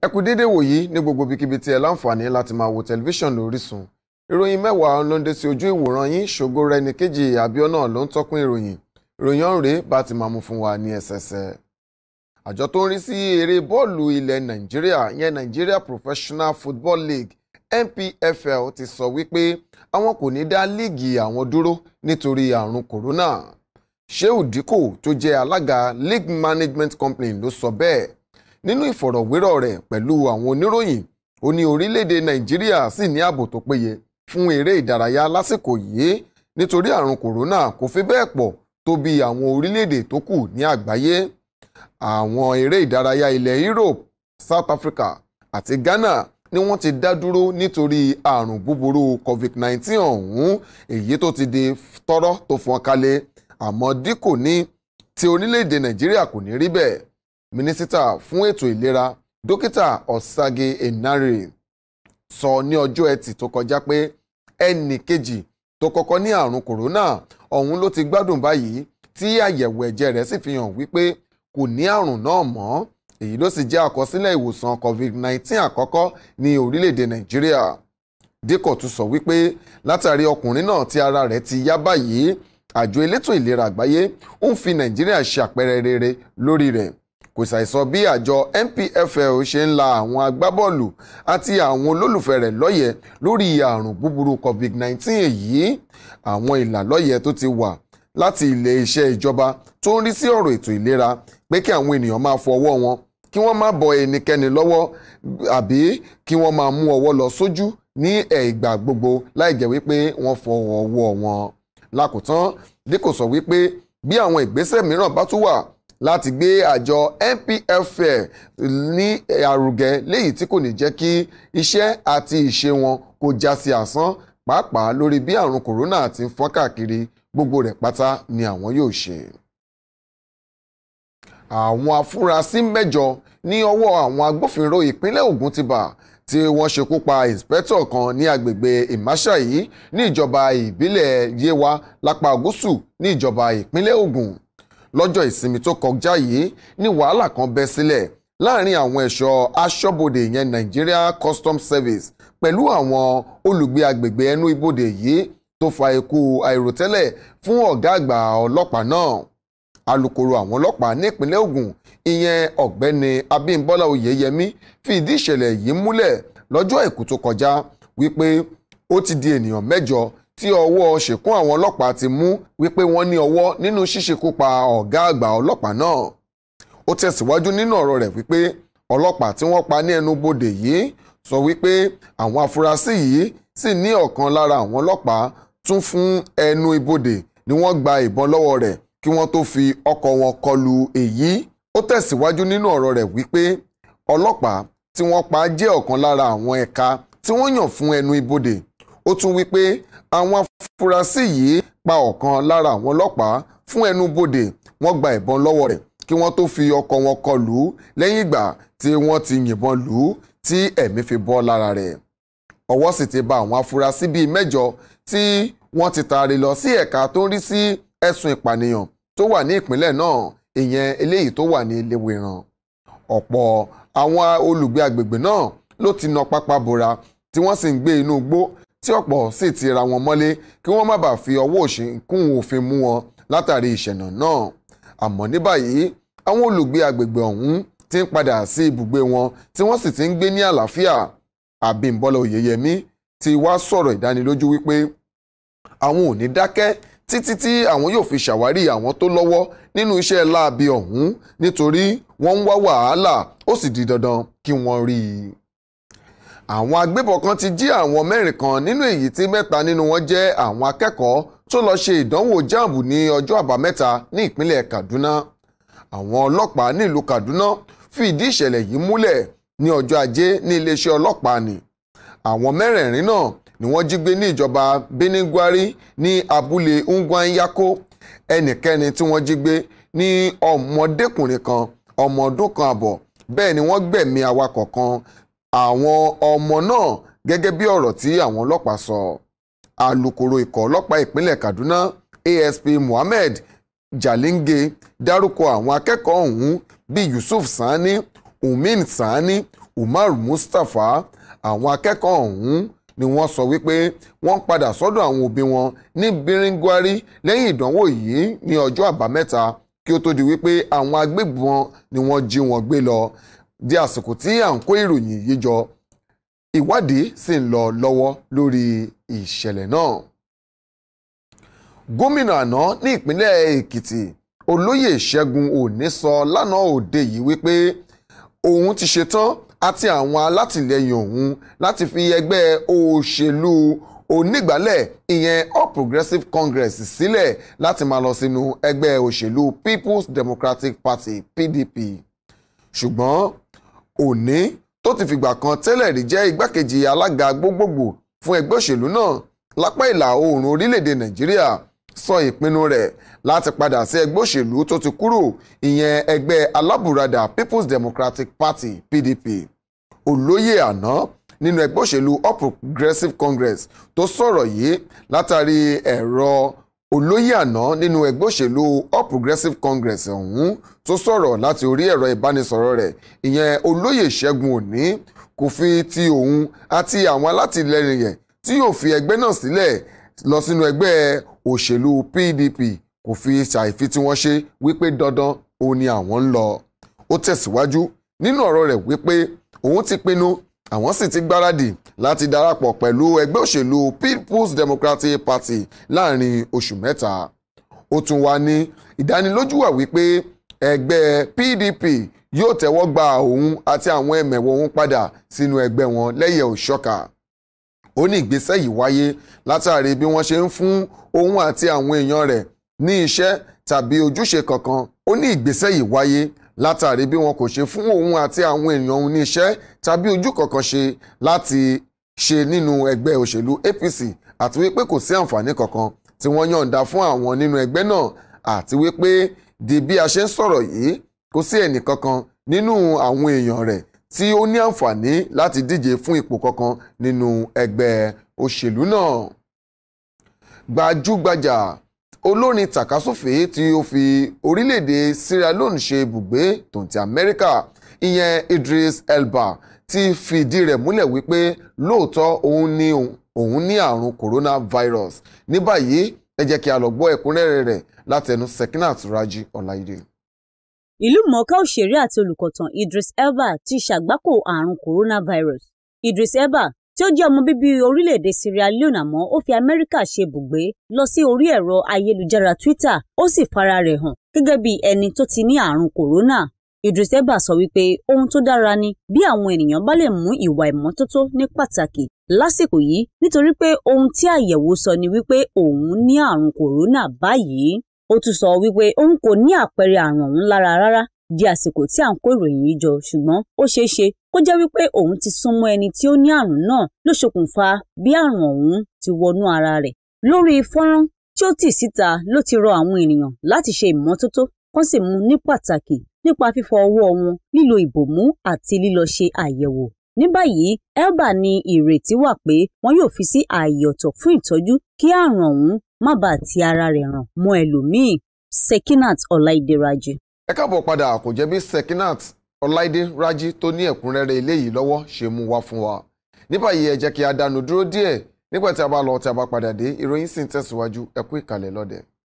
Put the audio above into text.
ẹ kú dédé wòyí ní gbogbo ibikíbi tí ẹ láǹfààní láti máa wo tẹlifíṣàn Orísun ìròyìn mẹ́wàá lóńdé sí ojú ìwòran yín ṣògo rẹ ní kejì àbíọ́nà ló ń tọ́kùn ìròyìn ìròyìn ọ̀hún rèé bá ti máa mú fún wa ní ẹsẹsẹ. àjọ tó ń rí sí eré bọ́ọ̀lù ilẹ̀ Nàìjíríà yẹn Nigeria Professional Football League NPFL ti sọ wípé àwọn kò ní dá líìgì àwọn dúró nítorí àrùn kòrónà Shehu Dikko tó jẹ́ alága League Management Company ló sọ bẹ́ẹ̀ nínú ìfọ̀rọ̀wérọ̀ rẹ̀ pẹ̀lú àwọn oníròyìn ó ní orílẹ̀-èdè nàìjíríà sì ní ààbò tó péye fún eré ìdárayá lásìkò yìí nítorí àrùn kòrónà kò fi bẹ́ẹ̀ pọ̀ tó bí àwọn orílẹ̀-èdè tó kù ní àgbáyé àwọn eré ìdárayá ilẹ̀ Europe South Africa àti Ghana ni wọ́n ti dá dúró nítorí àrùn búburú COVID-19 ọ̀hún èyí tó ti di tọ́rọ́ tó fọ́n kalẹ̀ àmọ́ díkò ní ti orílẹ̀-èdè nàìjíríà kò ní rí bẹ́ẹ̀ mínísítà fún ètò ìlera dókítà ọ̀sàgè enare sọ ní ọjọ́ ẹtì tó kọjá pé ẹnì kejì tó kọ́kọ́ ní àrùn kòrónà ọ̀hún ló ti gbádùn báyìí tí àyẹ̀wò ẹ̀jẹ̀ rẹ̀ sì fi hàn wípé kò ní àrùn náà mọ́ èyí ló sì jẹ́ àkọsílẹ̀ ìwòsàn covid-19 àkọ́kọ́ ní orílẹ̀-èdè nàìjíríà díkọ̀ tún sọ wípé látàrí ọkùnrin náà tí ara rẹ̀ ti yá báyìí àjọ elétò ìlera àgbáyé ń fi nàìjíríà ṣe àpẹẹrẹ rere lórí rẹ̀ kò ṣàìsọ bí àjọ NPFL ṣe ń la àwọn agbábọ́ọ̀lù àti àwọn olólùfẹ́ rẹ̀ lọ́yẹ̀ lórí àrùn búburú COVID-19 èyí àwọn ìlàlọ́yẹ̀ tó ti wà láti ilé-iṣẹ́ ìjọba tó ń rí sí ọ̀rọ̀ ètò ìlera pé kí àwọn ènìyàn máa fọ ọwọ́ wọn kí wọ́n má bọ ẹnikẹ́ni lọ́wọ́ àbí kí wọ́n máa mú ọwọ́ lọ sójú ní ìgbà gbogbo láì jẹ́ wípé wọ́n fọ wọn. lákòótán díkò sọ wípé bí àwọn ìgbésẹ̀ mìíràn bá tún wà láti gbé àjọ NPFL ní àrùgẹ léyìí tí kò ní jẹ́ kí iṣẹ́ àti ìṣe wọn kó já sí asán pàápàá lórí bí àrùn kòrónà ti ń fọ́n káàkiri gbogbo rẹ̀ pátá ni àwọn yóò ṣe àwọn afurasí mẹ́jọ ní ọwọ́ àwọn agbófinró ìpínlẹ̀ Ògùn ti bà tí wọ́n ṣekú pa ìǹspẹ́tọ̀ kan ní agbègbè ìmáṣà yìí ní ìjọba ìbílẹ̀ Yewa lápá gúúsù ní ìjọba ìpínlẹ̀ Ògùn lọ́jọ́ ìsinmi tó kọjá yìí ní wàhálà kan bẹ́ sílẹ̀ láàrin àwọn ẹ̀ṣọ́ aṣọ́bodè yẹn Nigeria Customs Service pẹ̀lú àwọn olùgbé agbègbè ẹnu ibodè yìí tó fa ikú àìròtẹ́lẹ̀ fún ọ̀gá àgbà ọlọ́pàá náà alukoro àwọn ọlọ́pàá nípínlẹ̀ Ògùn ìyẹn ọ̀gbẹ́ni Abímbọ́lá Oyèyẹmí fi ìdí ìṣẹ̀lẹ̀ yìí múlẹ̀ lọ́jọ́ àìkú tó kọjá wípé ó ti di ènìyàn mẹ́jọ tí ọwọ́ ṣìkún àwọn ọlọ́pàá ti mú wípé wọ́n ní ọwọ́ nínú ṣíṣekúpa ọ̀gá àgbà ọlọ́pàá náà ó tẹ̀síwájú nínú ọ̀rọ̀ rẹ̀ wípé ọlọ́pàá tí wọ́n pa ní ẹnubodè yìí sọ wípé àwọn afurasí yìí sì ní ọ̀kan lára àwọn ọlọ́pàá tún fún ẹnu ibodè ni wọ́n gba ìbọn lọ́wọ́ rẹ̀ kí wọ́n tó fi ọkọ̀ wọn kọlu èyí ó tẹ̀síwájú nínú ọ̀rọ̀ rẹ̀ wípé ọlọ́pàá tí wọ́n pa jẹ́ ọ̀kan lára àwọn ẹ̀ka tí wọ́n yàn fún ẹnu ibodè ó tún wípé àwọn afurasí yìí pa ọ̀kan lára àwọn ọlọ́pàá fún ẹnubodè wọ́n gba ìbọn lọ́wọ́ rẹ̀ kí wọ́n tó fi ọkọ̀ wọn kọ lù ú lẹ́yìn ìgbà tí wọ́n ti yìnbọn lù ú tí ẹ̀mí fi bọ́ lára rẹ̀ ọwọ́ sì ti bà àwọn afurasí bíi mẹ́jọ tí wọ́n ti taari lọ sí ẹ̀ka tó ń rí sí ẹ̀sùn ìpànìyàn tó wà ní ìpínlẹ̀ náà ìyẹn eléyìí tó wà ní Léwéran ọ̀pọ̀ àwọn olùgbé agbègbè náà ló ti nà pápá bora tí wọ́n sì ń gbé inú igbó tí ọ̀pọ̀ sì ti ra wọn mọ́lé kí wọ́n má bàa fi ọwọ́ òṣìkún òfin mú wọn látàrí ìṣẹ̀nà náà àmọ́ ní báyìí àwọn olùgbé agbègbè ọ̀hún ti ń padà sí ibùgbé wọn tí wọ́n sì ti ń gbé ní àlàáfíà Àbímbọ́lá Oyèyẹmí ti wá sọ̀rọ̀ ìdánilójú wípé àwọn ò ní dákẹ́ títí tí àwọn yóò fi ṣàwárí àwọn tó lọ́wọ́ nínú iṣẹ́ láabi ọ̀hún nítorí wọ́n ń wá wàhálà ó sì di dandan kí wọ́n rí i àwọn agbébọn kan ti jí àwọn mẹ́rin kan nínú èyí tí mẹ́ta nínú wọn jẹ́ àwọn akẹ́kọ̀ọ́ tó lọ ṣe ìdánwò jáàmù ní ọjọ́ àbámẹ́ta ní ìpínlẹ̀ Kaduna àwọn ọlọ́pàá nílùú Kaduna fi ìdí ìṣẹ̀lẹ̀ yìí múlẹ̀ ní ọjọ́ ajé ní iléeṣẹ́ ọlọ́pàá ni àwọn mẹ́rẹ̀ẹ̀rin náà ni wọ́n jí gbé ní ìjọba Benin Gwari ní abúlé Ungwanyako ẹnikẹ́ni tí wọ́n jí gbé ní ọmọdékùnrin kan ọmọ ọdún kan àbọ̀ bẹ́ẹ̀ ni wọ́n gbẹ̀mí awakọ̀ kan àwọn ọmọ náà gẹ́gẹ́ bí ọ̀rọ̀ tí àwọn ọlọ́pàá sọ alukoro ikọ̀ ọlọ́pàá ìpínlẹ̀ Kaduna ASP Mohammed Jalinge dárúkọ àwọn akẹ́kọ̀ọ́ ọ̀hún bíi Yusuf Sani Umin Sani Umar Mustapha àwọn akẹ́kọ̀ọ́ ọ̀hún ni wọ́n sọ wípé wọ́n ń padà sọ́dọ̀ àwọn òbí wọn ní Biringwari lẹ́yìn ìdánwò yìí ní ọjọ́ àbámẹ́ta kí ó tó di wípé àwọn agbébọn ni wọ́n jí wọn gbé lọ di àsìkò tí à ń kó ìròyìn yìí jọ ìwádìí sì ń lọ lọ́wọ́ lórí ìṣẹ̀lẹ̀ náà. gómìnà àná ní ìpínlẹ̀ èkìtì olóyè ṣẹ́gun òní sọ lánàá òde yìí wípé òun ti ṣetán àti àwọn alátìlẹyìn òun láti fi ẹgbẹ́ òṣèlú onígbàálẹ̀ ìyẹn All Progressives Congress sílẹ̀ lati máa lọ sínú ẹgbẹ́ òṣèlú People's Democratic Party PDP ṣùgbọ́n òní tó ti fìgbà kan tẹ́lẹ̀ rí jẹ́ igbákejì alága gbogbogbò fún ẹgbẹ́ òṣèlú náà lápá ìlà oòrùn orílẹ̀-èdè nàìjíríà sọ ìpinnu rẹ̀ láti padà sí ẹgbẹ́ òṣèlú tó ti kúrò ìyẹn ẹgbẹ́ alábùradà People's Democratic Party PDP olóyè àná nínú ẹgbẹ́ òṣèlú All Progressives Congress tó sọ̀rọ̀ yìí látàrí ẹ̀rọ olóyè àná nínú ẹgbẹ́ òṣèlú All Progressives Congress ọ̀hún tó sọ̀rọ̀ láti orí ẹ̀rọ ìbánisọ̀rọ̀ rẹ̀ ìyẹn olóyè Ṣẹ́gun Òní kò fi ti òun àti àwọn alátìlẹyìn rẹ̀ tí yóò fi ẹgbẹ́ náà sílẹ̀ lọ sínú ẹgbẹ́ òṣèlú PDP kò fi ṣàìfi tí wọ́n ṣe wípé dandan òun ni àwọn ń lọ ó tẹ̀síwájú nínú ọ̀rọ̀ rẹ̀ wípé òun ti pinnu àwọn sì ti gbáradì láti darapọ̀ pẹ̀lú ẹgbẹ́ òṣèlú People's Democratic Party láàrin oṣù mẹ́ta ó tún wá ní ìdánilójú wà wípé ẹgbẹ́ PDP yóò tẹ́wọ́ gba òun àti àwọn ẹ̀mẹ̀wọ̀ òun padà sínú ẹgbẹ́ wọn lẹ́yẹ̀ òṣọ́ka ó ní ìgbésẹ̀ yìí wáyé látàrí bí wọ́n ṣe ń fún òun àti àwọn èèyàn rẹ̀ ní iṣẹ́ tàbí ojúṣe kankan ó ní ìgbésẹ̀ yìí wáyé látàrí bí wọn kò ṣe fún òun àti àwọn èèyàn òun ní iṣẹ́ tàbí ojú kankan ṣe láti ṣe nínú ẹgbẹ́ òṣèlú APC àti wípé kò sí àǹfààní kankan tí wọ́n yọ̀ǹda fún àwọn nínú ẹgbẹ́ náà àti wípé di bí a ṣe ń sọ̀rọ̀ yìí kò sí ẹnì kankan nínú àwọn èèyàn rẹ̀ tí ó ní àǹfààní láti díje fún ipò kankan nínú ẹgbẹ́ òṣèlú náà gbajúgbajà olórin tàkasúfèé tí ó fi orílẹ̀-èdè Sierra Leone ṣe ibùgbé tòǹtì Amẹ́ríkà ìyẹn Idris Elba ti fìdí rẹ̀ múlẹ̀ wípé lóòótọ́ òun ní òun ní àrùn coronavirus ní báyìí ẹ jẹ́ kí a lọ gbọ́ ẹ̀kúnrẹ́rẹ́ rẹ̀ látẹnu Sekinat Raji Ọláìdé ìlú mọ̀ọ́ká òṣèré àti olùkọ̀tàn Idris Elba ti ṣàgbákò àrùn coronavirus Idris Elba tí ó jẹ́ ọmọ bíbí orílẹ̀-èdè Sierra Leone àmọ́ ó fi Amẹ́ríkà ṣe ibùgbé lọ sí orí ẹ̀rọ ayélujára Twitter ó sì fara rẹ̀ hàn gẹ́gẹ́ bí ẹni tó ti ní àrùn kòrónà Idris sọ wípé ohun tó dára ni bí àwọn ènìyàn bá lè mú ìwà ìmọ́tótó ní pàtàkì lásìkò yìí nítorí pé ohun tí àyẹ̀wò sọ ni wípé òun ní àrùn kòrónà báyìí ó tún sọ wípé òun kò ní àpẹẹrẹ àrùn ọ̀hún lára rárá di àsìkò tí à ń kó ìròyìn yìí jọ ṣùgbọ́n ó ṣeé ṣe kó jẹ́ wípé òun ti súnmọ́ ẹni tí ó ní àrùn náà ló ṣokùnfà bí àrùn ọ̀hún ti wọnú ara rẹ̀. lórí fọ́nrán tí ó tì síta ló ti rọ àwọn ènìyàn láti ṣe ìmọ́tótó kán sì mú ní pàtàkì nípa fífọ ọwọ́ wọn lílo ìbòmú àti lílọ ṣe àyẹ̀wò ní báyìí elba ní ìrètí wà pé wọn yóò fi sí ààyè ọ̀tọ̀ fún ìtọ́jú kí àrùn ọ̀hún má bàa ti ara rẹ̀ ràn mọ́ ẹlòmíì sekinat ọláìdẹrajì. ẹ káàbọ̀ padà kò jẹ́ bí sekinat ọláìdé rájí tó ní ẹ̀kúnrẹ́rẹ́ eléyìí lọ́wọ́ ṣe mú wá fún wa ní báyìí ẹ jẹ́ kí a dánu dúró díẹ̀ nígbà tí a bá lọ tí a bá padà dé ìròyìn sì ń tẹ̀síwájú ẹ kú ìkàlẹ̀